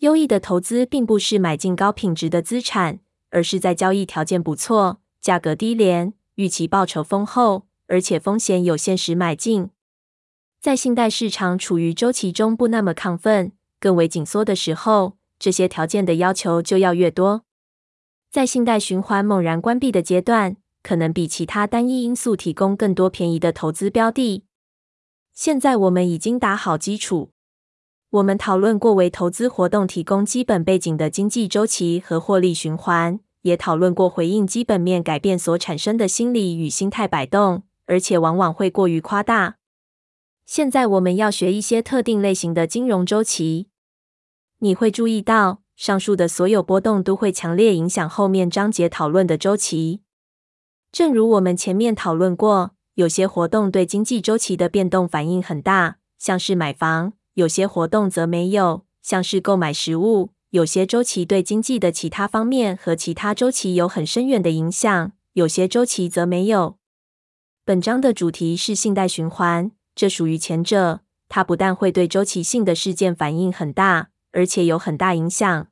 優異的投資並不是買進高品質的資產，而是在交易條件不錯、價格低廉、預期報酬豐厚，而且風險有限時買進。在信貸市場處於週期中不那麼亢奮、更為緊縮的時候，這些條件的要求就要越多。在信貸循環猛然關閉的階段，可能比其他單一因素提供更多便宜的投資標的。現在我們已經打好基礎。我們討論過為投資活動提供基本背景的經濟周期和獲利循環，也討論過回應基本面改變所產生的心理與心態擺動，而且往往會過於誇大。現在我們要學一些特定類型的金融周期。你會注意到，上述的所有波動都會強烈影響後面章節討論的周期。正如我們前面討論過，有些活動對經濟周期的變動反應很大，像是買房。有些活動則沒有，像是購買食物。有些周期對經濟的其他方面和其他周期有很深遠的影響，有些周期則沒有。本章的主題是信貸循環，這屬於前者。它不但會對周期性的事件反應很大，而且有很大影響。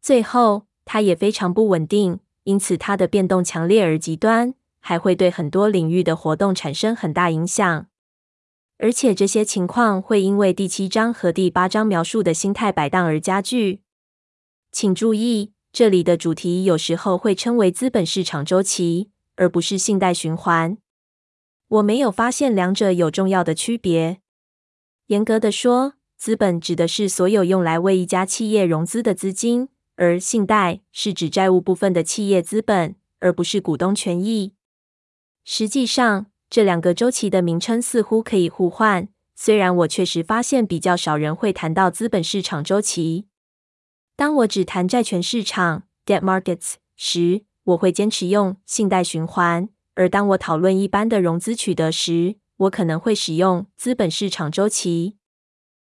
最後，它也非常不穩定，因此它的變動強烈而極端，還會對很多領域的活動產生很大影響。而且這些情況會因為第七章和第八章描述的心態擺盪而加劇。請注意，這裡的主題有時候會稱為資本市場週期，而不是信貸循環。我沒有發現兩者有重要的區別。嚴格的說，資本指的是所有用來為一家企業融資的資金，而信貸是指債務部分的企業資本，而不是股東權益。實際上。這兩個週期的名稱似乎可以互換。雖然我確實發現比較少人會談到資本市場週期。當我只談債權市場 （debt markets） 時，我會堅持用信貸循環；而當我討論一般的融資取得時，我可能會使用資本市場週期。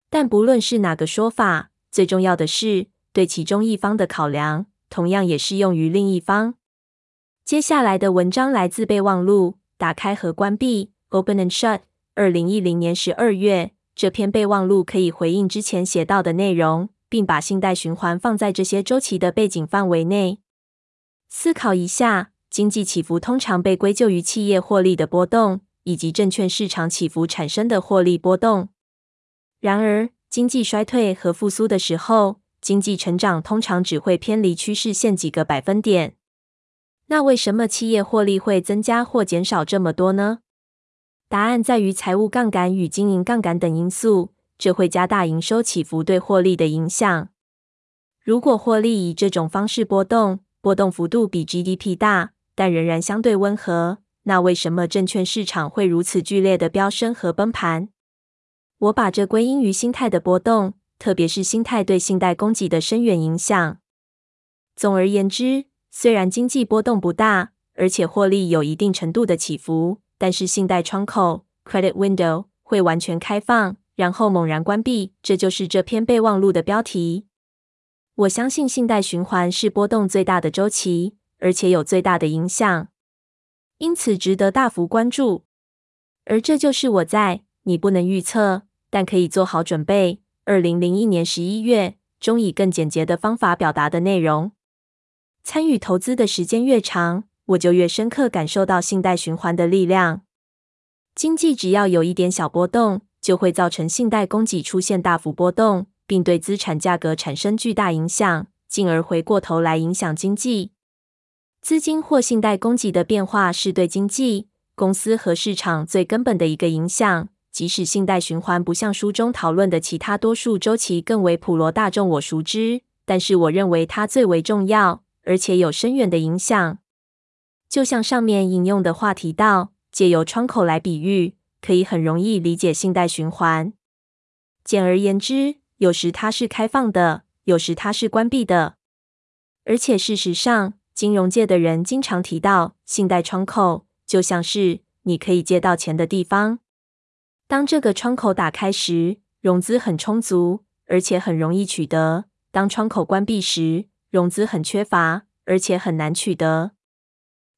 但不論是哪個說法，最重要的是對其中一方的考量同樣也適用於另一方。接下來的文章來自備忘錄。打開和關閉，Open and shut，二零一零年十二月，這篇備忘錄可以回應之前寫到的內容，並把信貸循環放在這些週期的背景範圍內。思考一下，經濟起伏通常被歸咎於企業獲利的波動，以及證券市場起伏產生的獲利波動。然而，經濟衰退和復蘇的時候，經濟成長通常只會偏離趨勢線幾個百分點。那為什麼企業獲利會增加或減少這麼多呢？答案在於財務槓桿與經營槓桿等因素，這會加大營收起伏對獲利的影響。如果獲利以這種方式波動，波動幅度比 GDP 大，但仍然相對溫和，那為什麼證券市場會如此劇烈的飆升和崩盤？我把這歸因於心態的波動，特別是心態對信貸供給的深遠影響。總而言之。雖然經濟波動不大，而且獲利有一定程度的起伏，但是信貸窗口 （credit window） 會完全開放，然後猛然關閉。這就是這篇備忘錄的標題。我相信信貸循環是波動最大的周期，而且有最大的影響，因此值得大幅關注。而這就是我在你不能預測，但可以做好準備。二零零一年十一月中，以更簡潔的方法表達的內容。參與投資的時間越長，我就越深刻感受到信貸循環的力量。經濟只要有一點小波動，就會造成信貸供給出現大幅波動，並對資產價格產生巨大影響，進而回過頭來影響經濟。資金或信貸供給的變化是對經濟、公司和市場最根本的一個影響。即使信貸循環不像書中討論的其他多數週期更為普羅大眾我熟知，但是我認為它最為重要。而且有深遠的影響，就像上面引用的話提到，借由窗口來比喻，可以很容易理解信貸循環。簡而言之，有時它是開放的，有時它是關閉的。而且事實上，金融界的人經常提到，信貸窗口就像是你可以借到錢的地方。當這個窗口打開時，融資很充足，而且很容易取得，當窗口關閉時，融資很缺乏，而且很難取得。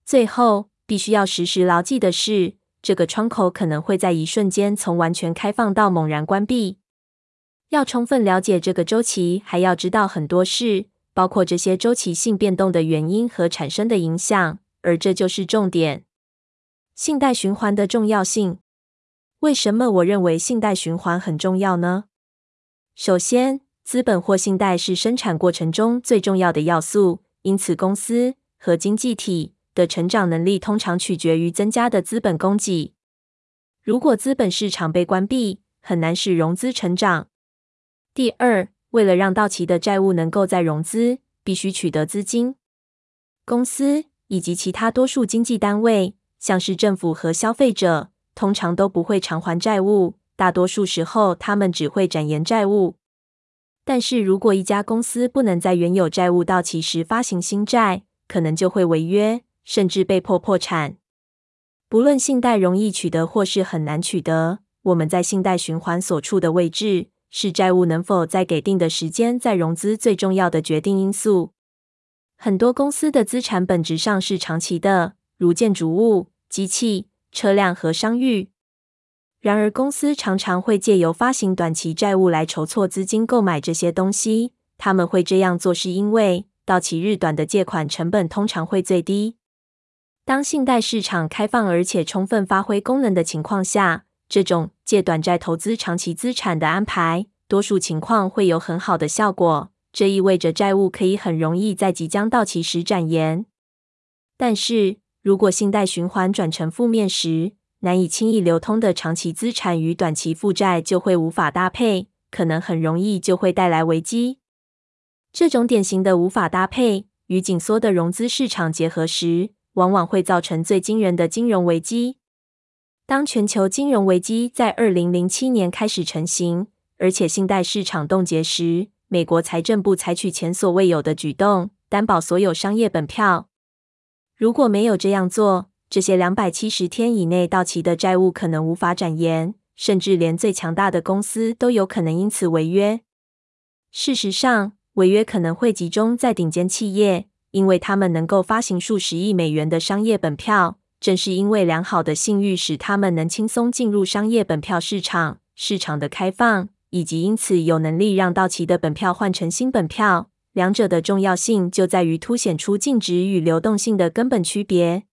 最後，必須要時時牢記的是，這個窗口可能會在一瞬間從完全開放到猛然關閉。要充分了解這個週期，還要知道很多事，包括這些週期性變動的原因和產生的影響。而這就是重點：信貸循環的重要性。為什麼我認為信貸循環很重要呢？首先，資本或信貸是生產過程中最重要的要素，因此公司和經濟體的成長能力通常取決於增加的資本供給。如果資本市場被關閉，很難使融資成長。第二，為了讓到期的債務能夠再融資，必須取得資金。公司以及其他多數經濟單位，像是政府和消費者，通常都不會償還債務，大多數時候他們只會展延債務。但是如果一家公司不能在原有債務到期時發行新債，可能就會違約，甚至被迫破產。不論信貸容易取得或是很難取得，我們在信貸循環所處的位置，是債務能否在給定的時間再融資最重要的決定因素。很多公司的資產本質上是長期的，如建築物、機器、車輛和商譽。然而，公司常常會借由發行短期債務來籌措資金購買這些東西。他們會這樣做，是因為到期日短的借款成本通常會最低。當信貸市場開放而且充分發揮功能的情況下，這種借短債投資長期資產的安排，多數情況會有很好的效果。這意味着債務可以很容易在即將到期時展延。但是，如果信貸循環轉成負面時，難以輕易流通的長期資產與短期負債就會無法搭配，可能很容易就會帶來危機。這種典型的無法搭配與緊縮的融資市場結合時，往往會造成最驚人的金融危機。當全球金融危機在二零零七年開始成型，而且信貸市場凍結時，美國財政部採取前所未有的舉動，擔保所有商業本票。如果沒有這樣做，這些兩百七十天以內到期的債務可能無法展延，甚至連最強大的公司都有可能因此違約。事實上，違約可能會集中在頂尖企業，因為他們能夠發行數十億美元的商業本票。正是因為良好的信譽，使他們能輕鬆進入商業本票市場。市場的開放，以及因此有能力讓到期的本票換成新本票，兩者的重要性就在於凸顯出淨值與流動性的根本區別。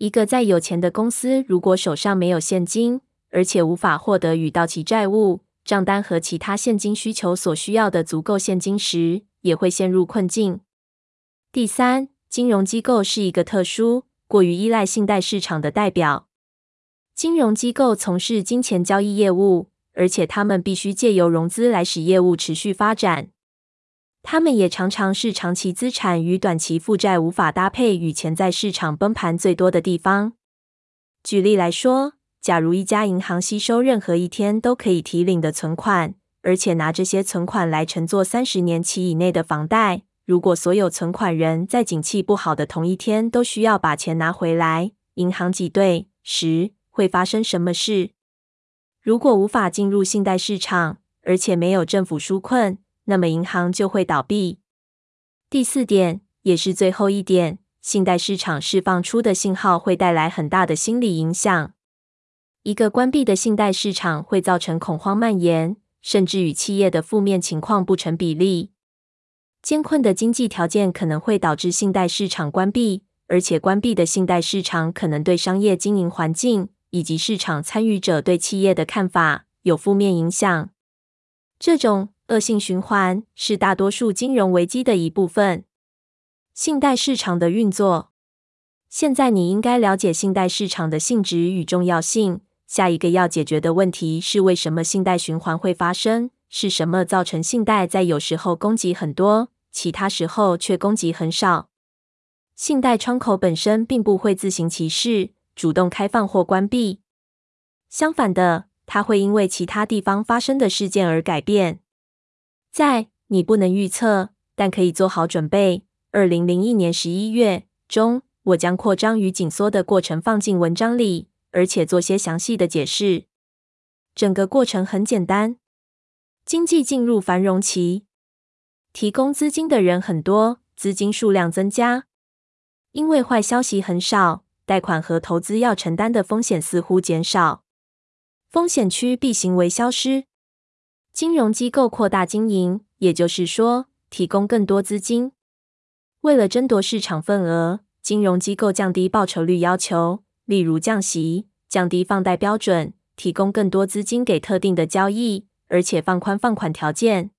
一個再有錢的公司，如果手上沒有現金，而且無法獲得與到期債務、賬單和其他現金需求所需要的足夠現金時，也會陷入困境。第三，金融機構是一個特殊、過於依賴信貸市場的代表。金融機構從事金錢交易業務，而且他們必須借由融資來使業務持續發展。他們也常常是長期資產與短期負債無法搭配與潛在市場崩盤最多的地方。舉例來說，假如一家銀行吸收任何一天都可以提領的存款，而且拿這些存款來承做三十年期以內的房貸，如果所有存款人在景氣不好的同一天都需要把錢拿回來，銀行擠兌時會發生什麼事？如果無法進入信貸市場，而且沒有政府紓困。那麼銀行就會倒閉。第四點，也是最後一點，信貸市場釋放出的信號會帶來很大的心理影響。一個關閉的信貸市場會造成恐慌蔓延，甚至與企業的負面情況不成比例。艱困的經濟條件可能會導致信貸市場關閉，而且關閉的信貸市場可能對商業經營環境以及市場參與者對企業的看法有負面影響。這種。惡性循環是大多數金融危機的一部分。信貸市場的運作。現在你應該了解信貸市場的性質與重要性。下一個要解決的問題是，為什麼信貸循環會發生？是什麼造成信貸在有時候供給很多，其他時候卻供給很少？信貸窗口本身並不會自行其事，主動開放或關閉。相反的，它會因為其他地方發生的事件而改變。在你不能預測，但可以做好準備。二零零一年十一月中，我將擴張與緊縮的過程放進文章裡，而且做些詳細的解釋。整個過程很簡單：經濟進入繁榮期，提供資金的人很多，資金數量增加。因為壞消息很少，貸款和投資要承擔的風險似乎減少，風險趨避行為消失。金融機構擴大經營，也就是說，提供更多資金，為了爭奪市場份額，金融機構降低報酬率要求，例如降息、降低放貸標準，提供更多資金給特定的交易，而且放寬放款條件。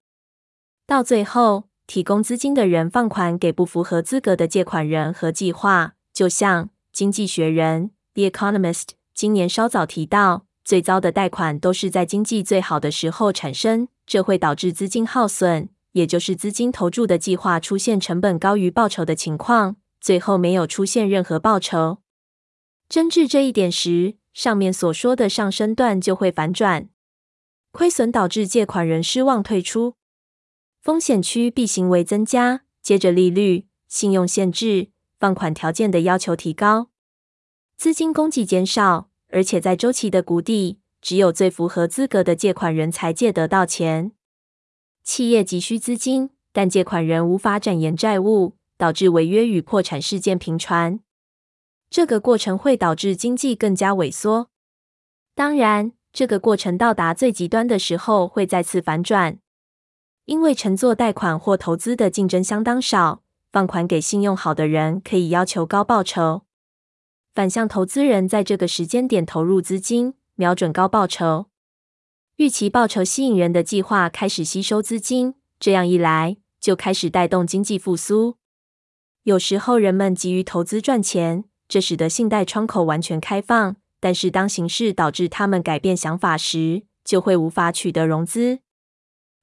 到最後，提供資金的人放款給不符合資格的借款人和計劃，就像《經濟學人》（The Economist） 今年稍早提到。最糟的貸款都是在經濟最好的時候產生，這會導致資金耗損，也就是資金投注的計劃出現成本高於報酬的情況，最後沒有出現任何報酬。爭至這一點時，上面所說的上升段就會反轉，虧損導致借款人失望退出，風險趨避行為增加，接着利率、信用限制、放款條件的要求提高，資金供給減少。而且在週期的谷底，只有最符合資格的借款人才借得到錢。企業急需資金，但借款人無法展延債務，導致違約與破產事件頻傳。這個過程會導致經濟更加萎縮。當然，這個過程到達最極端的時候會再次反轉，因為承做貸款或投資的競爭相當少，放款給信用好的人可以要求高報酬。反向投資人在這個時間點投入資金，瞄準高報酬。預期報酬吸引人的計劃開始吸收資金，這樣一來，就開始帶動經濟復甦。有時候人們急於投資賺錢，這使得信貸窗口完全開放，但是當形勢導致他們改變想法時，就會無法取得融資。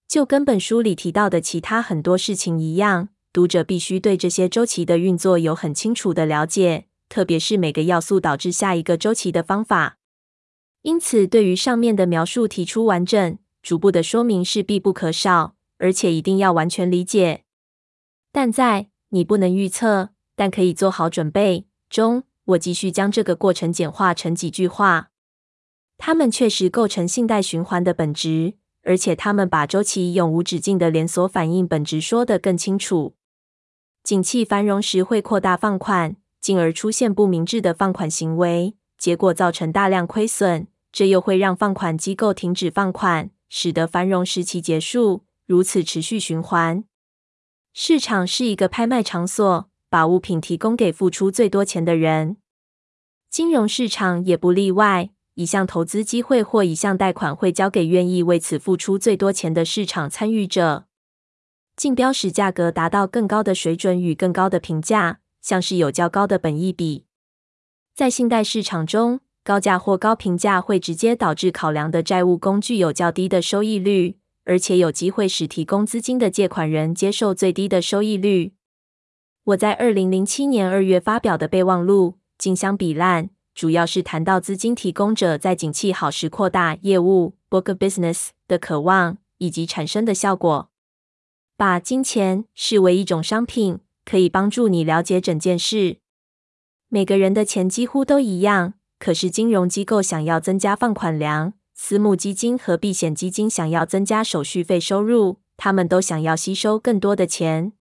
就跟本書裡提到的其他很多事情一樣，讀者必須對這些週期的運作有很清楚的了解。特別是每個要素導致下一個週期的方法，因此對於上面的描述提出完整、逐步的說明是必不可少，而且一定要完全理解。但在你不能預測，但可以做好準備中，我繼續將這個過程簡化成幾句話。他們確實構成信貸循環的本質，而且他們把週期永無止境的連鎖反應本質說得更清楚。景氣繁榮時會擴大放款。進而出現不明智的放款行為，結果造成大量虧損，這又會讓放款機構停止放款，使得繁榮時期結束。如此持續循環。市場是一個拍賣場所，把物品提供給付出最多錢的人。金融市場也不例外，一項投資機會或一項貸款會交給願意為此付出最多錢的市場參與者。競標使價格達到更高的水準與更高的評價。像是有較高的本益比。在信貸市場中，高價或高評價會直接導致考量的債務工具有較低的收益率，而且有機會使提供資金的借款人接受最低的收益率。我在二零零七年二月發表的備忘錄《競相比爛》，主要是談到資金提供者在景氣好時擴大業務 b o o k business） 的渴望以及產生的效果，把金錢視為一種商品。可以幫助你了解整件事。每個人的錢幾乎都一樣，可是金融機構想要增加放款量，私募基金和避險基金想要增加手續費收入，他們都想要吸收更多的錢。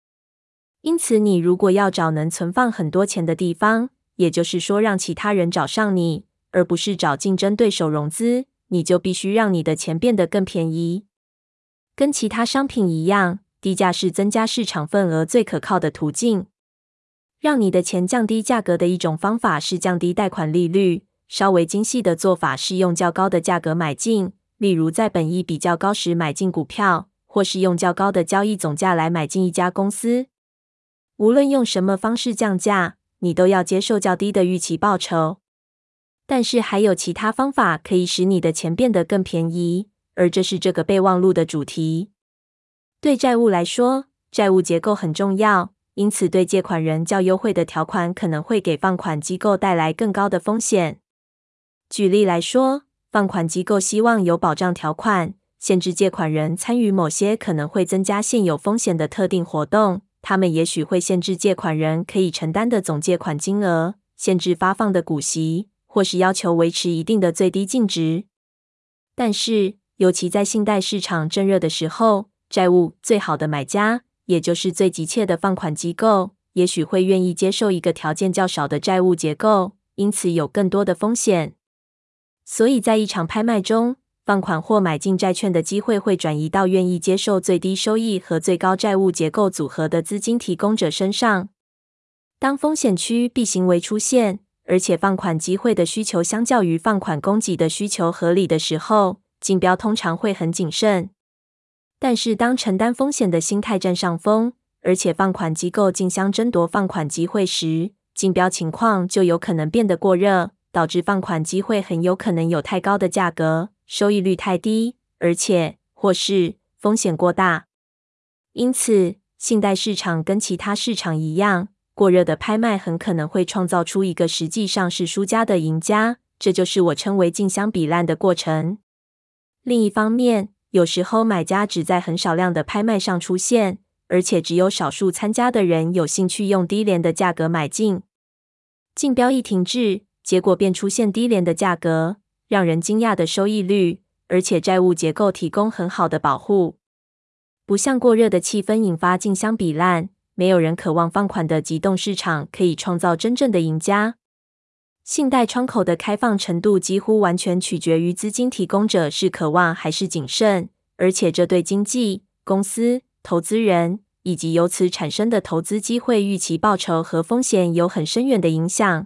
因此你如果要找能存放很多錢的地方，也就是說讓其他人找上你，而不是找競爭對手融資，你就必須讓你的錢變得更便宜。跟其他商品一樣。低價是增加市場份額最可靠的途徑。讓你的錢降低價格的一種方法是降低貸款利率。稍微精細的做法是用較高的價格買進，例如在本益比較高時買進股票，或是用較高的交易總價來買進一家公司。無論用什麼方式降價，你都要接受較低的預期報酬。但是還有其他方法可以使你的錢變得更便宜，而這是這個備忘錄的主題。對債務來說，債務結構很重要。因此，對借款人較優惠的條款可能會給放款機構帶來更高的風險。舉例來說，放款機構希望有保障條款，限制借款人參與某些可能會增加現有風險的特定活動。他們也許會限制借款人可以承擔的總借款金額，限制發放的股息，或是要求維持一定的最低淨值。但是，尤其在信貸市場正熱的時候。債務最好的買家，也就是最急切的放款機構，也許會願意接受一個條件較少的債務結構，因此有更多的風險。所以在一場拍賣中，放款或買進債券的機會會轉移到願意接受最低收益和最高債務結構組合的資金提供者身上。當風險趨避行為出現，而且放款機會的需求相較於放款供給的需求合理的時候，競標通常會很謹慎。但是，當承擔風險的心態占上風，而且放款機構競相爭奪放款機會時，競標情況就有可能變得過熱，導致放款機會很有可能有太高的價格、收益率太低，而且或是風險過大。因此，信貸市場跟其他市場一樣，過熱的拍賣很可能會創造出一個實際上是輸家的贏家，這就是我稱為競相比爛的過程。另一方面，有時候，買家只在很少量的拍賣上出現，而且只有少數參加的人有興趣用低廉的價格買進。競標一停滯，結果便出現低廉的價格，讓人驚訝的收益率，而且債務結構提供很好的保護。不像過熱的氣氛引發競相比爛，沒有人渴望放款的急凍市場，可以創造真正的贏家。信貸窗口的開放程度幾乎完全取決於資金提供者是渴望還是謹慎，而且這對經濟、公司、投資人以及由此產生的投資機會、預期報酬和風險有很深遠的影響。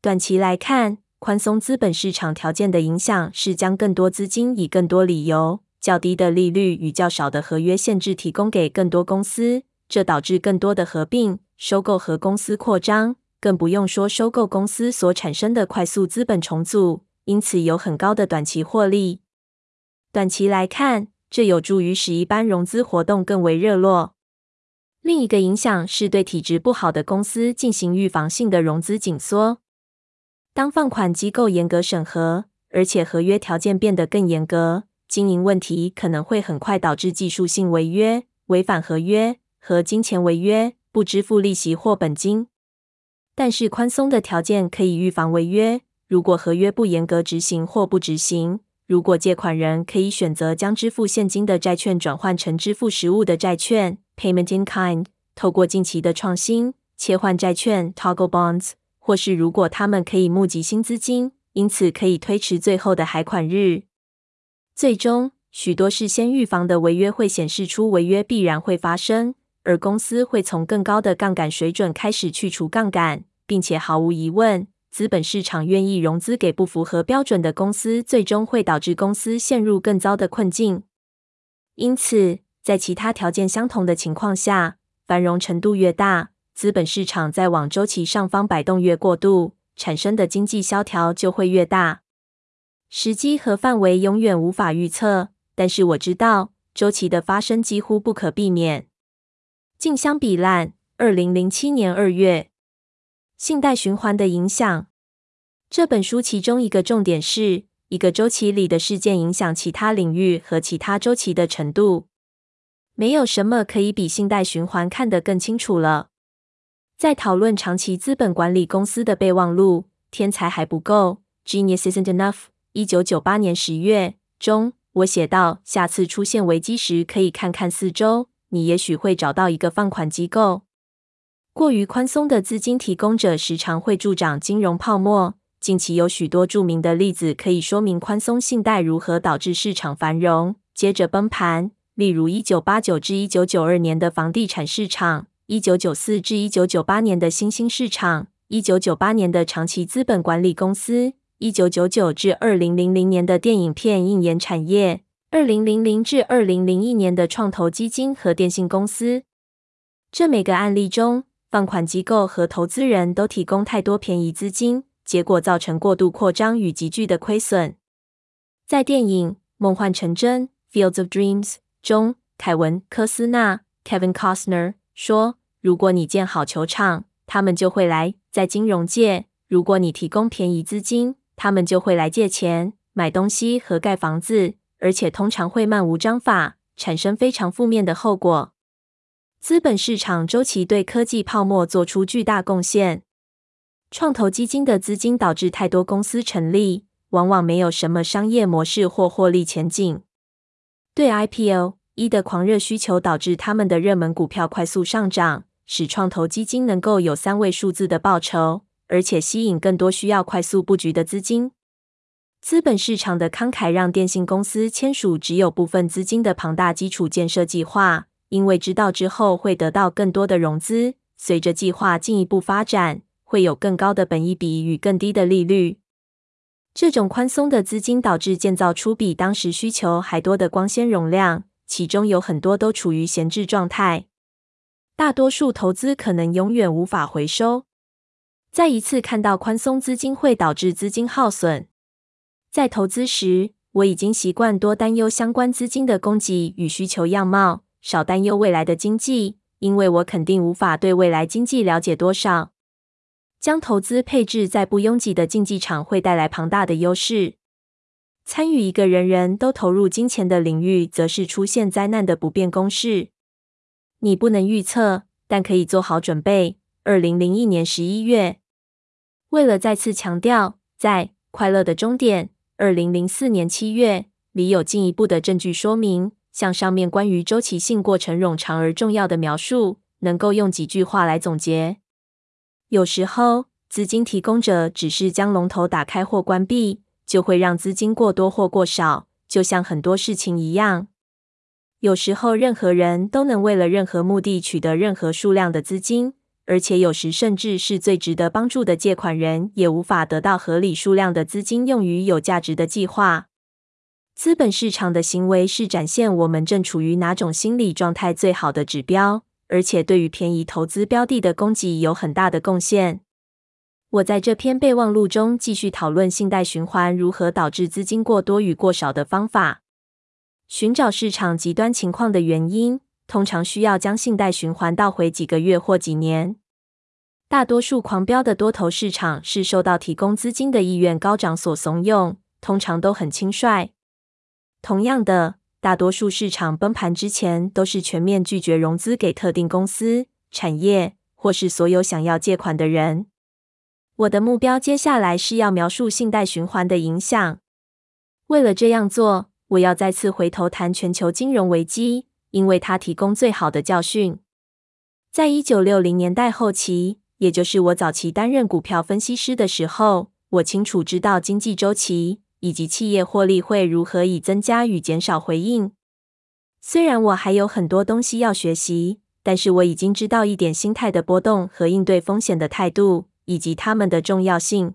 短期來看，寬鬆資本市場條件的影響是將更多資金以更多理由、較低的利率與較少的合約限制提供給更多公司，這導致更多的合併、收購和公司擴張。更不用說收購公司所產生的快速資本重組，因此有很高的短期獲利。短期來看，這有助於使一般融資活動更為熱絡。另一個影響是對體質不好的公司進行預防性的融資緊縮。當放款機構嚴格審核，而且合約條件變得更嚴格，經營問題可能會很快導致技術性違約、違反合約和金錢違約，不支付利息或本金。但是寬鬆的條件可以預防違約。如果合約不嚴格執行或不執行，如果借款人可以選擇將支付現金的債券轉換成支付實物的債券 （payment in kind），透過近期的創新切換債券 （toggle bonds），或是如果他們可以募集新資金，因此可以推遲最後的還款日。最終，許多事先預防的違約會顯示出違約必然會發生，而公司會從更高的槓桿水準開始去除槓桿。並且毫無疑問，資本市場願意融資給不符合標準的公司，最終會導致公司陷入更糟的困境。因此，在其他條件相同的情況下，繁榮程度越大，資本市場在往周期上方擺動越過度，產生的經濟蕭條就會越大。時機和範圍永遠無法預測，但是我知道周期的發生幾乎不可避免。競相比爛，2007年2月。信貸循環的影響。這本書其中一個重點是一個周期裡的事件影響其他領域和其他周期的程度。沒有什麼可以比信貸循環看得更清楚了。在討論長期資本管理公司的備忘錄，《天才還不夠》（Genius Isn't Enough），一九九八年十月中，我寫道：下次出現危機時，可以看看四周，你也許會找到一個放款機構。過於寬鬆的資金提供者時常會助長金融泡沫。近期有許多著名的例子可以說明寬鬆信貸如何導致市場繁榮，接着崩盤。例如，一九八九至一九九二年的房地產市場，一九九四至一九九八年的新興市場，一九九八年的長期資本管理公司，一九九九至二零零零年的電影片映演產業，二零零零至二零零一年的創投基金和電信公司。這每個案例中。放款機構和投資人都提供太多便宜資金，結果造成過度擴張與急劇的虧損。在電影《夢幻成真 Fields of Dreams》中，凱文·科斯納 （Kevin Costner） 說：“如果你建好球場，他們就會來；在金融界，如果你提供便宜資金，他們就會來借錢、買東西和蓋房子，而且通常會漫無章法，產生非常負面的後果。”資本市場週期對科技泡沫做出巨大貢獻。創投基金的資金導致太多公司成立，往往沒有什麼商業模式或獲利前景。對 IPO 一的狂熱需求導致他們的熱門股票快速上漲，使創投基金能夠有三位數字的報酬，而且吸引更多需要快速佈局的資金。資本市場的慷慨讓電信公司簽署只有部分資金的龐大基礎建設計劃。因為知道之後會得到更多的融資，隨着計劃進一步發展，會有更高的本益比與更低的利率。這種寬鬆的資金導致建造出比當時需求還多的光纖容量，其中有很多都處於閒置狀態。大多數投資可能永遠無法回收。再一次看到寬鬆資金會導致資金耗損，在投資時我已經習慣多擔憂相關資金的供給與需求樣貌。少擔憂未來的經濟，因為我肯定無法對未來經濟了解多少。將投資配置在不擁擠的競技場會帶來龐大的優勢。參與一個人人都投入金錢的領域，則是出現災難的不變公式。你不能預測，但可以做好準備。二零零一年十一月，為了再次強調，在快樂的終點，二零零四年七月裡有進一步的證據說明。像上面關於周期性過程冗長而重要的描述，能夠用幾句話來總結。有時候，資金提供者只是將龍頭打開或關閉，就會讓資金過多或過少，就像很多事情一樣。有時候任何人都能為了任何目的取得任何數量的資金，而且有時甚至是最值得幫助的借款人也無法得到合理數量的資金用於有價值的計劃。資本市場的行為是展現我們正處於哪種心理狀態最好的指標，而且對於便宜投資標的的供給有很大的貢獻。我在這篇備忘錄中繼續討論信貸循環如何導致資金過多與過少的方法。尋找市場極端情況的原因，通常需要將信貸循環倒回幾個月或幾年。大多數狂飆的多頭市場是受到提供資金的意願高漲所慫恿，通常都很輕率。同樣的，大多數市場崩盤之前，都是全面拒絕融資給特定公司、產業，或是所有想要借款的人。我的目標接下來是要描述信貸循環的影響。為了這樣做，我要再次回頭談全球金融危機，因為它提供最好的教訓。在一九六零年代後期，也就是我早期擔任股票分析師的時候，我清楚知道經濟週期。以及企業獲利會如何以增加與減少回應。雖然我還有很多東西要學習，但是我已經知道一點心態的波動和應對風險的態度，以及他們的重要性。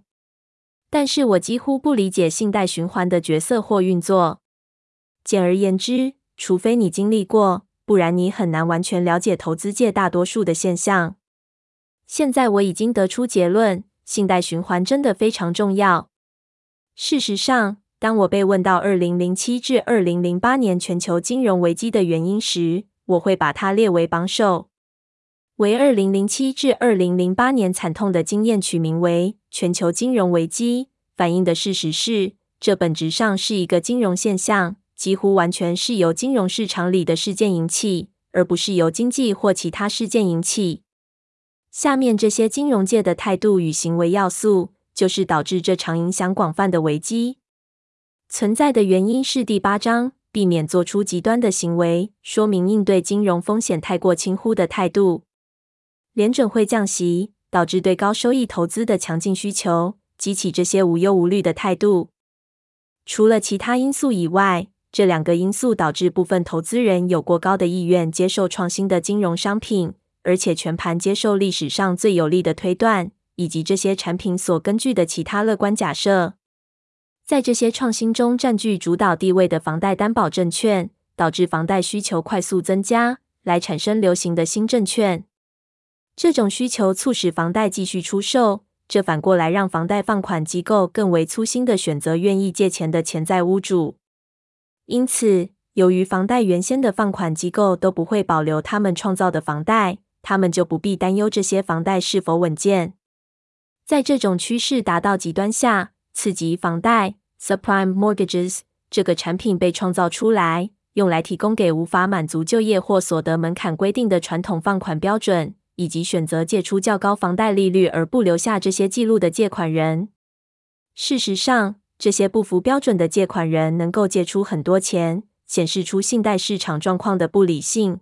但是我幾乎不理解信貸循環的角色或運作。簡而言之，除非你經歷過，不然你很難完全了解投資界大多數的現象。現在我已經得出結論，信貸循環真的非常重要。事實上，當我被問到二零零七至二零零八年全球金融危機的原因時，我會把它列為榜首。為二零零七至二零零八年慘痛的經驗取名為“全球金融危機”，反映的事實是，這本質上是一個金融現象，幾乎完全是由金融市場裡的事件引起，而不是由經濟或其他事件引起。下面這些金融界的態度與行為要素，就是導致這場影響廣泛的危機存在的原因是第八章：避免做出極端的行為，說明應對金融風險太過輕忽的態度。聯準會降息導致對高收益投資的強勁需求，激起這些無憂無慮的態度。除了其他因素以外，這兩個因素導致部分投資人有過高的意願接受創新的金融商品，而且全盤接受歷史上最有力的推斷。以及這些產品所根據的其他樂觀假設，在這些創新中佔據主導地位的房貸擔保證券，導致房貸需求快速增加，來產生流行的新證券。這種需求促使房貸繼續出售，這反過來讓房貸放款機構更為粗心地選擇願意借錢的潛在屋主。因此，由於房貸原先的放款機構都不會保留他們創造的房貸，他們就不必擔憂這些房貸是否穩健。在這種趨勢達到極端下，次級房貸 s u p r i m e mortgages） 這個產品被創造出來，用來提供給無法滿足就業或所得門檻規定的傳統放款標準，以及選擇借出較高房貸利率而不留下這些記錄的借款人。事實上，這些不符標準的借款人能夠借出很多錢，顯示出信貸市場狀況的不理性。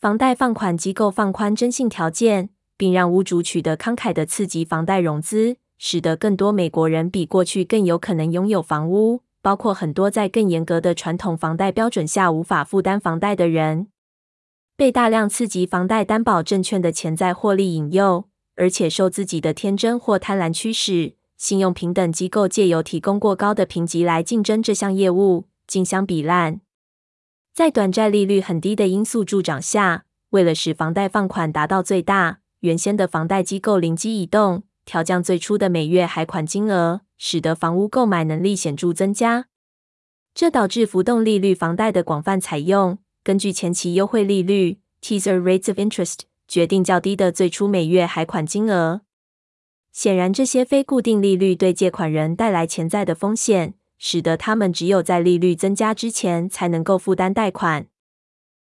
房貸放款機構放寬徵信條件。並讓屋主取得慷慨的次級房貸融資，使得更多美國人比過去更有可能擁有房屋，包括很多在更嚴格的傳統房貸標準下無法負擔房貸的人。被大量次級房貸擔保證券的潛在獲利引誘，而且受自己的天真或貪婪驅使，信用評等機構借由提供過高的評級來競爭這項業務，競相比爛。在短債利率很低的因素助長下，為了使房貸放款達到最大，原先的房貸機構靈機一動，調降最初的每月還款金額，使得房屋購買能力顯著增加。這導致浮動利率房貸的廣泛採用，根據前期優惠利率 （teaser rates of interest） 決定較低的最初每月還款金額。顯然，這些非固定利率對借款人帶來潛在的風險，使得他們只有在利率增加之前才能夠負擔貸款。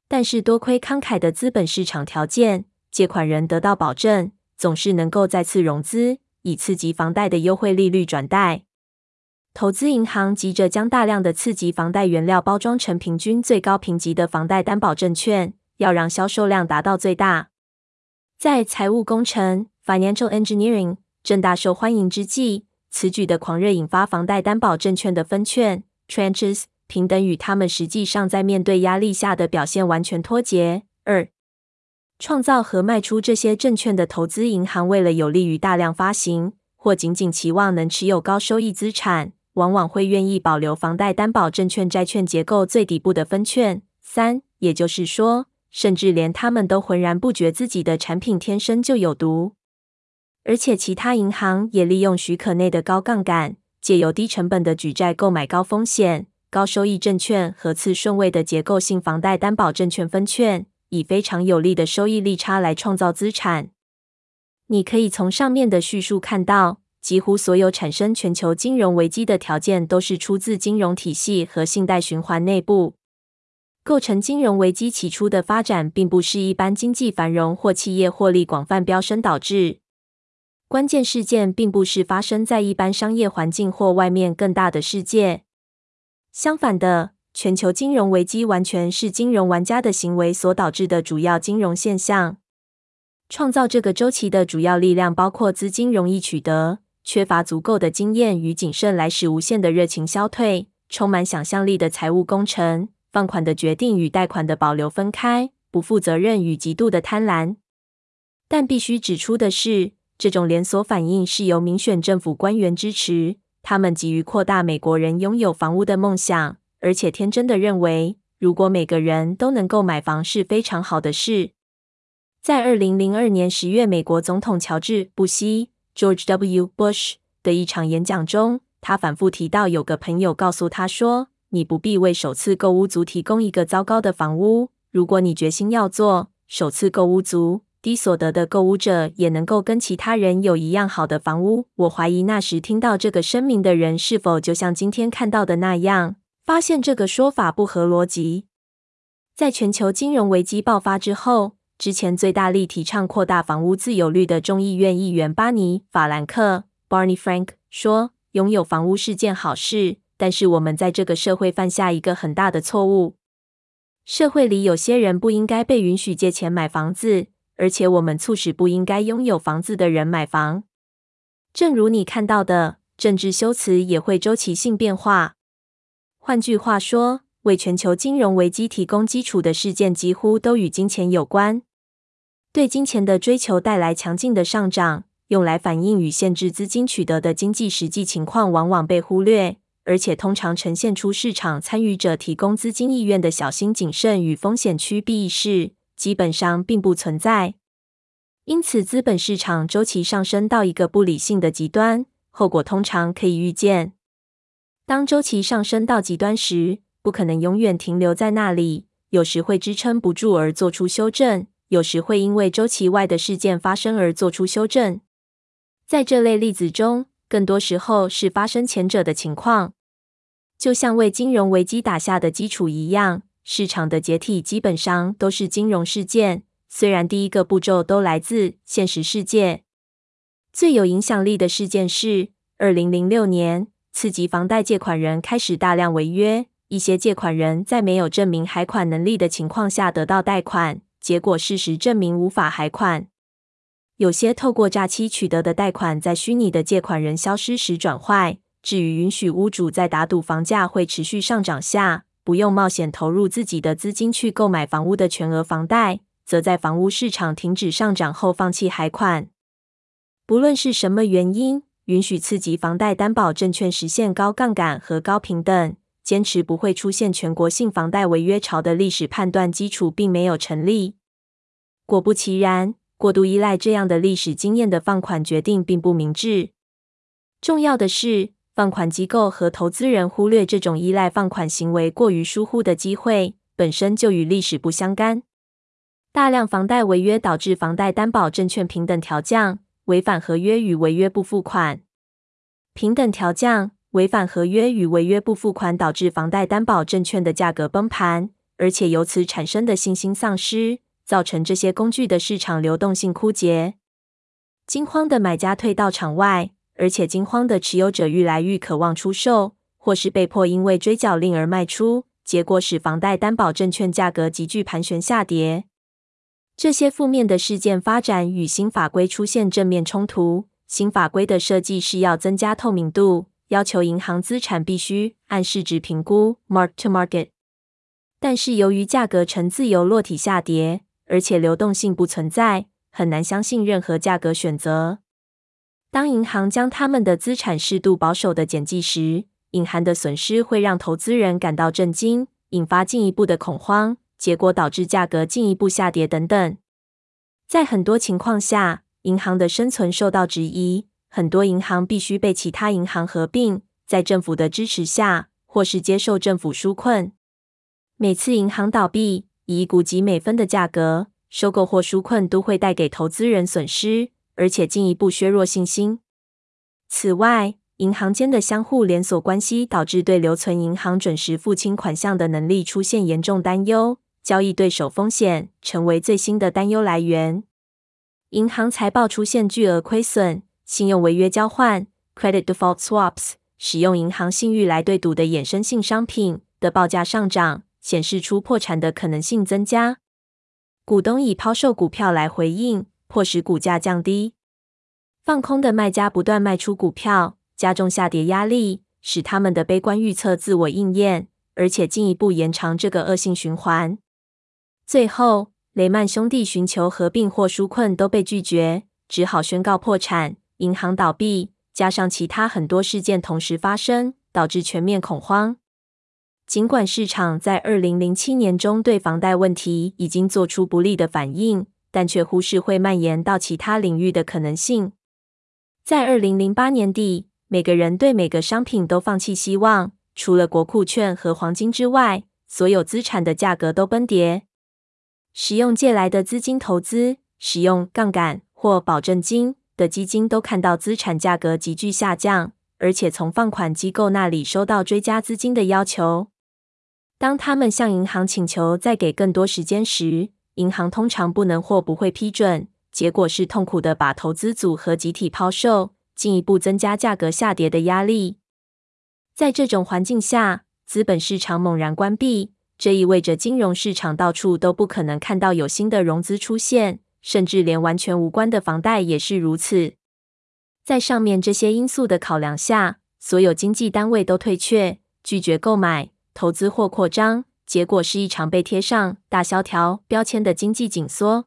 但是，多虧慷慨的資本市場條件。借款人得到保證，總是能夠再次融資，以次級房貸的優惠利率轉貸。投資銀行急着將大量的次級房貸原料包裝成平均最高評級的房貸擔保證券，要讓銷售量達到最大。在財務工程 （Financial Engineering） 正大受歡迎之際，此舉的狂熱引發房貸擔保證券的分券 Tranches 平等與他們實際上在面對壓力下的表現完全脫節。二創造和賣出這些證券的投資銀行，為了有利於大量發行，或僅僅期望能持有高收益資產，往往會願意保留房貸擔保證券債券結構最底部的分券三。也就是說，甚至連他們都渾然不覺自己的產品天生就有毒。而且，其他銀行也利用許可內的高槓桿，借由低成本的舉債購買高風險、高收益證券和次順位的結構性房貸擔保證券分券。以非常有利的收益利差來創造資產。你可以從上面的敘述看到，幾乎所有產生全球金融危機的條件都是出自金融體系和信貸循環內部。構成金融危機起初的發展，並不是一般經濟繁榮或企業獲利廣泛飆升導致。關鍵事件並不是發生在一般商業環境或外面更大的世界。相反的。全球金融危機完全是金融玩家的行為所導致的主要金融現象。創造這個週期的主要力量包括資金容易取得、缺乏足夠的經驗與謹慎來使無限的熱情消退、充滿想象力的財務工程、放款的決定與貸款的保留分開、不負責任與極度的貪婪。但必須指出的是，這種連鎖反應是由民選政府官員支持，他們急於擴大美國人擁有房屋的夢想。而且天真的認為，如果每個人都能夠買房，是非常好的事。在二零零二年十月，美國總統喬治·布希 （George W. Bush） 的一場演講中，他反覆提到，有個朋友告訴他說：“你不必為首次購屋族提供一個糟糕的房屋。如果你決心要做首次購屋族，低所得的購屋者也能夠跟其他人有一樣好的房屋。”我懷疑那時聽到這個聲明的人是否就像今天看到的那樣。發現這個說法不合邏輯。在全球金融危機爆發之後，之前最大力提倡擴大房屋自有率的眾議院議員巴尼·法蘭克 （Barney Frank） 說：“擁有房屋是件好事，但是我們在這個社會犯下一個很大的錯誤。社會裡有些人不應該被允許借錢買房子，而且我們促使不應該擁有房子的人買房。正如你看到的，政治修辭也會周期性變化。”換句話說，為全球金融危機提供基礎的事件幾乎都與金錢有關。對金錢的追求帶來強勁的上漲，用來反映與限制資金取得的經濟實際情況，往往被忽略，而且通常呈現出市場參與者提供資金意願的小心謹慎與風險趨避意識，基本上並不存在。因此，資本市場週期上升到一個不理性的極端，後果通常可以預見。當週期上升到極端時，不可能永遠停留在那裡。有時會支撐不住而做出修正，有時會因為週期外的事件發生而做出修正。在這類例子中，更多時候是發生前者的情況。就像為金融危機打下的基礎一樣，市場的解體基本上都是金融事件，雖然第一個步驟都來自現實世界。最有影響力的事件是二零零六年。次級房貸借款人開始大量違約，一些借款人在沒有證明還款能力的情況下得到貸款，結果事實證明無法還款。有些透過詐欺取得的貸款，在虛擬的借款人消失時轉壞。至於允許屋主在打賭房價會持續上漲下，不用冒險投入自己的資金去購買房屋的全額房貸，則在房屋市場停止上漲後放棄還款。不論是什麼原因。允許次級房貸擔保證券實現高槓桿和高評等，堅持不會出現全國性房貸違約潮的歷史判斷基礎並沒有成立。果不其然，過度依賴這樣的歷史經驗的放款決定並不明智。重要的是，放款機構和投資人忽略這種依賴放款行為過於疏忽的機會，本身就與歷史不相干。大量房貸違約導致房貸擔保證券評等調降。違反合約與違約不付款，評等調降；違反合約與違約不付款導致房貸擔保證券的價格崩盤，而且由此產生的信心喪失，造成這些工具的市場流動性枯竭。驚慌的買家退到場外，而且驚慌的持有者愈來愈渴望出售，或是被迫因為追繳令而賣出，結果使房貸擔保證券價格急劇盤旋下跌。這些負面的事件發展與新法規出現正面衝突。新法規的設計是要增加透明度，要求銀行資產必須按市值評估 （mark to market）。但是，由於價格呈自由落體下跌，而且流動性不存在，很難相信任何價格選擇。當銀行將他們的資產適度保守的減記時，隱含的損失會讓投資人感到震驚，引發進一步的恐慌。結果導致價格進一步下跌，等等。在很多情況下，銀行的生存受到質疑，很多銀行必須被其他銀行合併，在政府的支持下，或是接受政府紓困。每次銀行倒閉，以股幾美分的價格收購或紓困，都會帶給投資人損失，而且進一步削弱信心。此外，銀行間的相互連鎖關係，導致對留存銀行準時付清款項的能力出現嚴重擔憂。交易對手風險成為最新的擔憂來源。銀行財報出現巨額虧損，信用違約交換 （Credit Default Swaps） 使用銀行信譽來對賭的衍生性商品的報價上漲，顯示出破產的可能性增加。股東以拋售股票來回應，迫使股價降低。放空的賣家不斷賣出股票，加重下跌壓力，使他們的悲觀預測自我應驗，而且進一步延長這個惡性循環。最後，雷曼兄弟尋求合併或紓困都被拒絕，只好宣告破產，銀行倒閉。加上其他很多事件同時發生，導致全面恐慌。儘管市場在二零零七年中對房貸問題已經做出不利的反應，但卻忽視會蔓延到其他領域的可能性。在二零零八年底，每個人對每個商品都放棄希望，除了國庫券和黃金之外，所有資產的價格都崩跌。使用借來的資金投資、使用槓桿或保證金的基金，都看到資產價格急劇下降，而且從放款機構那裡收到追加資金的要求。當他們向銀行請求再給更多時間時，銀行通常不能或不會批准。結果是痛苦的，把投資組合集體拋售，進一步增加價格下跌的壓力。在這種環境下，資本市場猛然關閉。這意味着金融市場到處都不可能看到有新的融資出現，甚至連完全無關的房貸也是如此。在上面這些因素的考量下，所有經濟單位都退卻，拒絕購買、投資或擴張，結果是一場被貼上“大蕭條”標籤的經濟緊縮。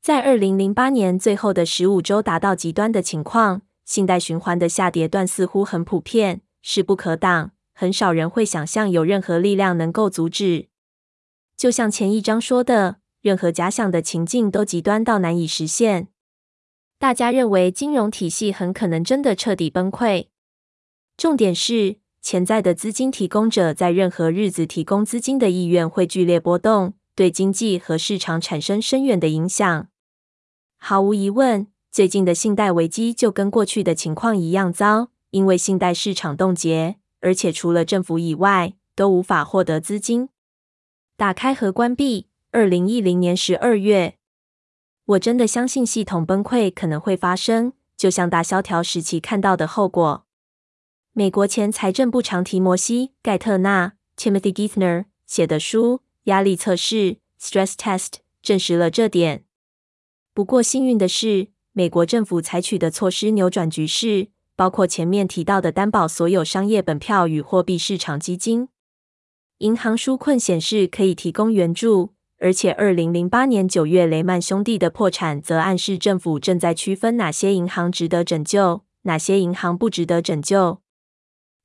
在二零零八年最後的十五周達到極端的情況，信貸循環的下跌段似乎很普遍，勢不可擋。很少人會想象有任何力量能夠阻止。就像前一章說的，任何假想的情境都極端到難以實現。大家認為金融體系很可能真的徹底崩潰。重點是，潛在的資金提供者在任何日子提供資金的意願會劇烈波動，對經濟和市場產生深遠的影響。毫無疑問，最近的信貸危機就跟過去的情況一樣糟，因為信貸市場凍結。而且除了政府以外都無法獲得資金。打開和關閉。二零一零年十二月，我真的相信系統崩潰可能會發生，就像大蕭條時期看到的後果。美國前財政部長提摩西·蓋特納 （Timothy Geithner） 寫的書《壓力測試》（Stress Test） 證實了這點。不過幸運的是，美國政府採取的措施扭轉局勢。包括前面提到的擔保所有商業本票與貨幣市場基金，銀行紓困顯示可以提供援助，而且二零零八年九月雷曼兄弟的破產則暗示政府正在區分哪些銀行值得拯救，哪些銀行不值得拯救。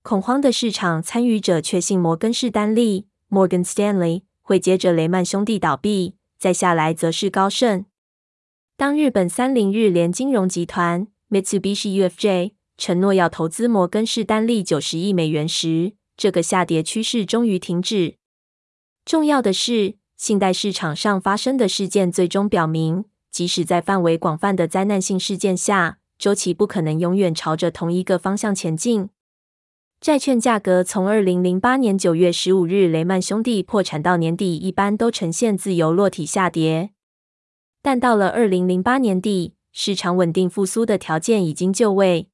恐慌的市場參與者確信摩根士丹利 （Morgan Stanley） 會接着雷曼兄弟倒閉，再下來則是高盛。當日本三菱日聯金融集團 （Mitsubishi UFJ）。承諾要投資摩根士丹利九十億美元時，這個下跌趨勢終於停止。重要的是，信貸市場上發生的事件最終表明，即使在範圍廣泛的災難性事件下，週期不可能永遠朝着同一個方向前進。債券價格從二零零八年九月十五日雷曼兄弟破產到年底，一般都呈現自由落體下跌。但到了二零零八年底，市場穩定復甦的條件已經就位。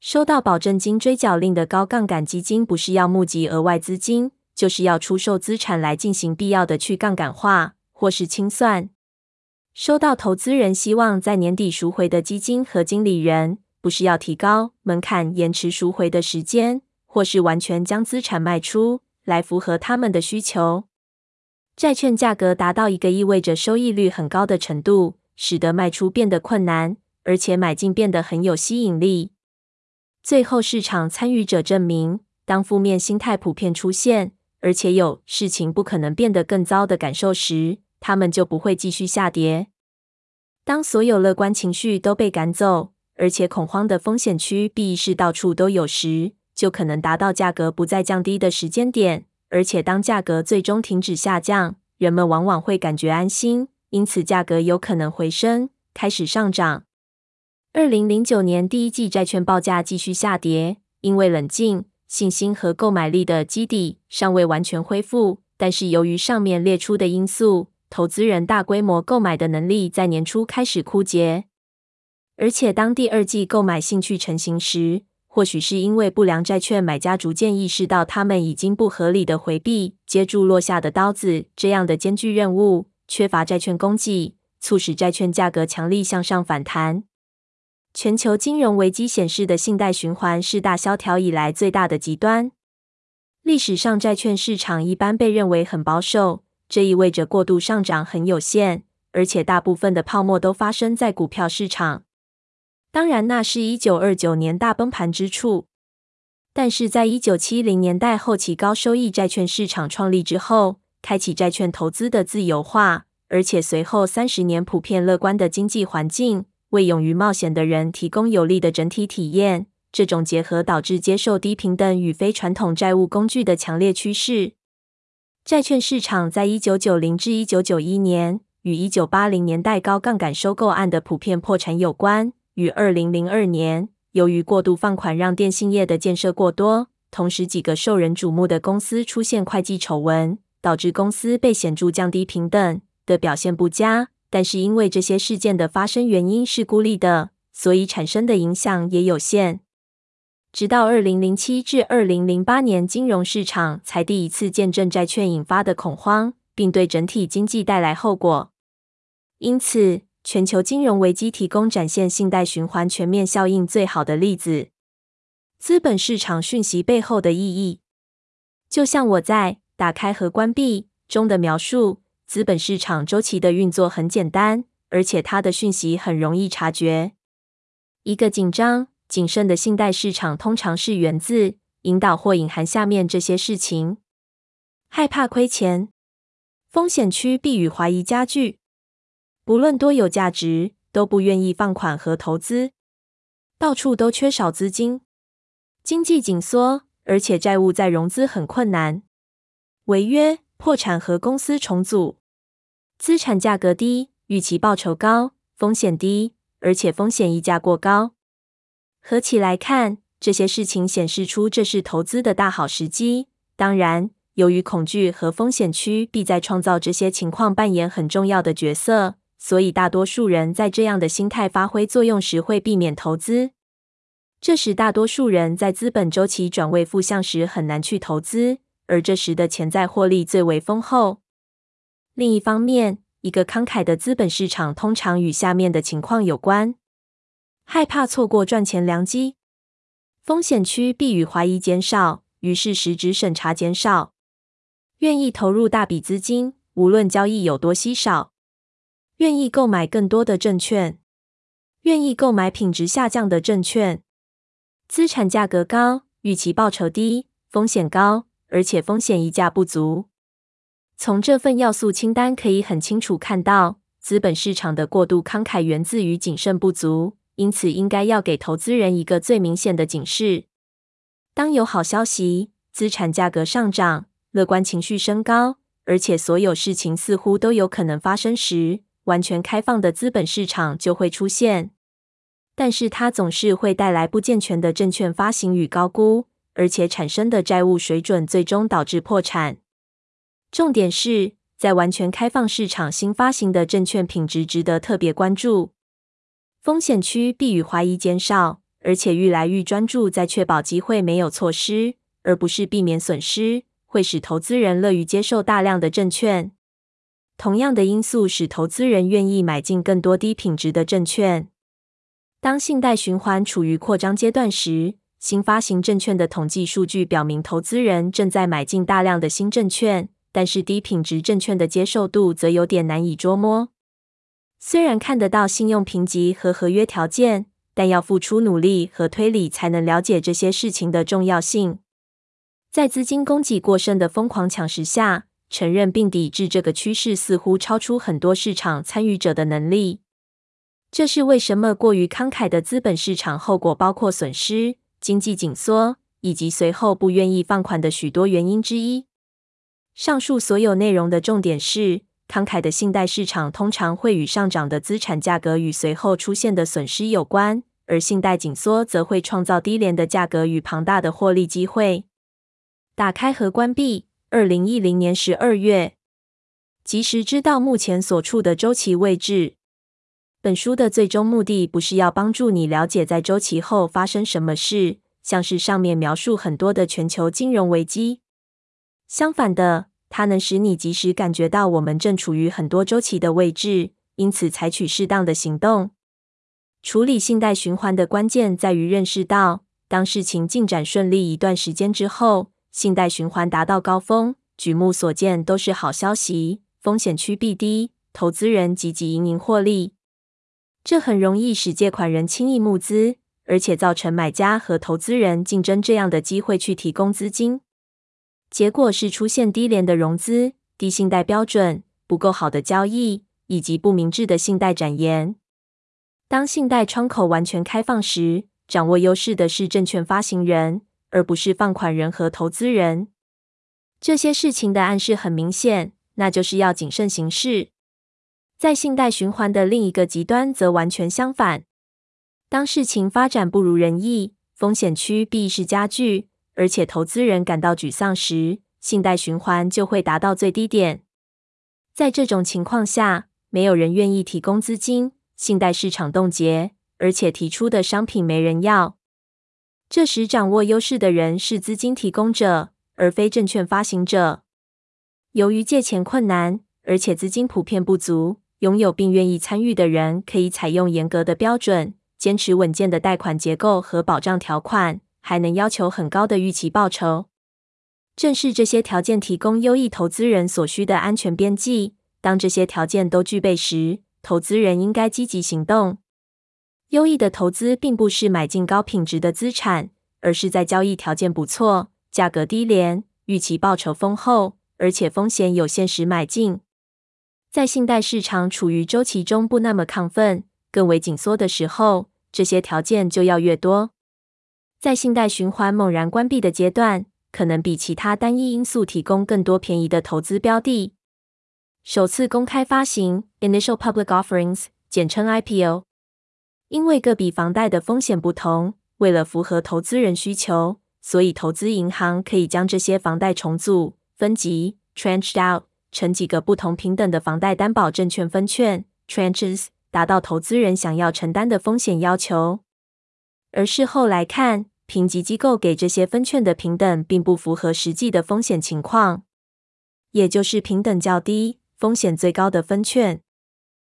收到保證金追繳令的高槓桿基金，不是要募集額外資金，就是要出售資產來進行必要的去槓桿化，或是清算。收到投資人希望在年底贖回的基金和經理人，不是要提高門檻、延遲贖回的時間，或是完全將資產賣出來符合他們的需求。債券價格達到一個意味着收益率很高的程度，使得賣出變得困難，而且買進變得很有吸引力。最後，市場參與者證明，當負面心態普遍出現，而且有事情不可能變得更糟的感受時，他們就不會繼續下跌。當所有樂觀情緒都被趕走，而且恐慌的風險趨避意識到處都有時，就可能達到價格不再降低的時間點。而且，當價格最終停止下降，人們往往會感覺安心，因此價格有可能回升，開始上漲。二零零九年第一季債券報價繼續下跌，因為冷靜、信心和購買力的基底尚未完全恢復。但是，由於上面列出的因素，投資人大規模購買的能力在年初開始枯竭。而且，當第二季購買興趣成型時，或許是因為不良債券買家逐漸意識到他們已經不合理地迴避接住落下的刀子，這樣的艱巨任務，缺乏債券供給，促使債券價格強力向上反彈。全球金融危機顯示的信貸循環是大蕭條以來最大的極端。歷史上，債券市場一般被認為很保守，這意味着過度上漲很有限，而且大部分的泡沫都發生在股票市場。當然，那是一九二九年大崩盤之處。但是在一九七零年代後期，高收益債券市場創立之後，開啟債券投資的自由化，而且隨後三十年普遍樂觀的經濟環境，為勇於冒險的人提供有利的整體體驗。這種結合導致接受低評等與非傳統債務工具的強烈趨勢。債券市場在一九九零至一九九一年與一九八零年代高槓桿收購案的普遍破產有關。於二零零二年，由於過度放款讓電信業的建設過多，同時幾個受人矚目的公司出現會計醜聞，導致公司被顯著降低評等的表現不佳。但是，因為這些事件的發生原因是孤立的，所以產生的影響也有限。直到二零零七至二零零八年，金融市場才第一次見證債券引發的恐慌，並對整體經濟帶來後果。因此，全球金融危機提供展現信貸循環全面效應最好的例子。資本市場訊息背後的意義，就像我在“打開和關閉”中的描述。資本市場週期的運作很簡單，而且它的訊息很容易察覺。一個緊張、謹慎的信貸市場通常是源自引導或隱含下面這些事情：害怕虧錢、風險趨避與懷疑加劇，不論多有價值都不願意放款和投資，到處都缺少資金，經濟緊縮，而且債務再融資很困難，違約。破產和公司重組，資產價格低，預期報酬高，風險低，而且風險溢價過高。合起來看，這些事情顯示出這是投資的大好時機。當然，由於恐懼和風險區必在創造這些情況扮演很重要的角色，所以大多數人在這樣的心態發揮作用時會避免投資。這使大多數人在資本週期轉為負向時很難去投資。而這時的潛在獲利最為豐厚。另一方面，一個慷慨的資本市場通常與下面的情況有關：害怕錯過賺錢良機，風險趨避與懷疑減少，於是實質審查減少，願意投入大筆資金，無論交易有多稀少，願意購買更多的證券，願意購買品質下降的證券，資產價格高，預期報酬低，風險高。而且風險溢價不足。從這份要素清單可以很清楚看到，資本市場的過度慷慨源自於謹慎不足，因此應該要給投資人一個最明顯的警示。當有好消息，資產價格上漲，樂觀情緒升高，而且所有事情似乎都有可能發生時，完全開放的資本市場就會出現，但是它總是會帶來不健全的證券發行與高估。而且產生的債務水準最終導致破產。重點是在完全開放市場，新發行的證券品質值，值得特別關注。風險規避與懷疑減少，而且愈來愈專注在確保機會沒有錯失，而不是避免損失，會使投資人樂於接受大量的證券。同樣的因素使投資人願意買進更多低品質的證券。當信貸循環處於擴張階段時。新發行證券的統計數據表明，投資人正在買進大量的新證券，但是低品質證券的接受度則有點難以捉摸。雖然看得到信用評級和合約條件，但要付出努力和推理才能了解這些事情的重要性。在資金供給過剩的瘋狂搶食下，承認並抵制這個趨勢似乎超出很多市場參與者的能力。這是為什麼過於慷慨的資本市場後果包括損失。經濟緊縮以及隨後不願意放款的許多原因之一。上述所有內容的重點是：慷慨的信貸市場通常會與上漲的資產價格與隨後出現的損失有關，而信貸緊縮則會創造低廉的價格與龐大的獲利機會。打開和關閉。二零一零年十二月，及時知道目前所處的周期位置。本書的最終目的不是要幫助你了解在週期後發生什麼事，像是上面描述很多的全球金融危機。相反的，它能使你及時感覺到我們正處於很多週期的位置，因此採取適當的行動。處理信貸循環的關鍵在於認識到，當事情進展順利一段時間之後，信貸循環達到高峰，舉目所見都是好消息，風險趨避低，投資人積極盈盈獲利。這很容易使借款人輕易募資，而且造成買家和投資人競爭這樣的機會去提供資金。結果是出現低廉的融資、低信貸標準、不夠好的交易以及不明智的信貸展延。當信貸窗口完全開放時，掌握優勢的是證券發行人，而不是放款人和投資人。這些事情的暗示很明顯，那就是要謹慎行事。在信貸循環的另一個極端則完全相反。當事情發展不如人意，風險趨避意識加劇，而且投資人感到沮喪時，信貸循環就會達到最低點。在這種情況下，沒有人願意提供資金，信貸市場凍結，而且提出的商品沒人要。這時掌握優勢的人是資金提供者，而非證券發行者。由於借錢困難，而且資金普遍不足。擁有並願意參與的人，可以採用嚴格的標準，堅持穩健的貸款結構和保障條款，還能要求很高的預期報酬。正是這些條件提供優異投資人所需的安全邊際。當這些條件都具備時，投資人應該積極行動。優異的投資並不是買進高品質的資產，而是在交易條件不錯、價格低廉、預期報酬豐厚，而且風險有限時買進。在信貸市場處於周期中不那麼亢奮、更為緊縮的時候，這些條件就要越多。在信貸循環猛然關閉的階段，可能比其他單一因素提供更多便宜的投資標的。首次公開發行 （Initial Public Offerings），簡稱 IPO。因為各筆房貸的風險不同，為了符合投資人需求，所以投資銀行可以將這些房貸重組、分級 t r e n c h e d out）。成幾個不同評等的房貸擔保證券分券 tranches 達到投資人想要承擔的風險要求，而事後來看，評級機構給這些分券的評等並不符合實際的風險情況，也就是評等較低、風險最高的分券。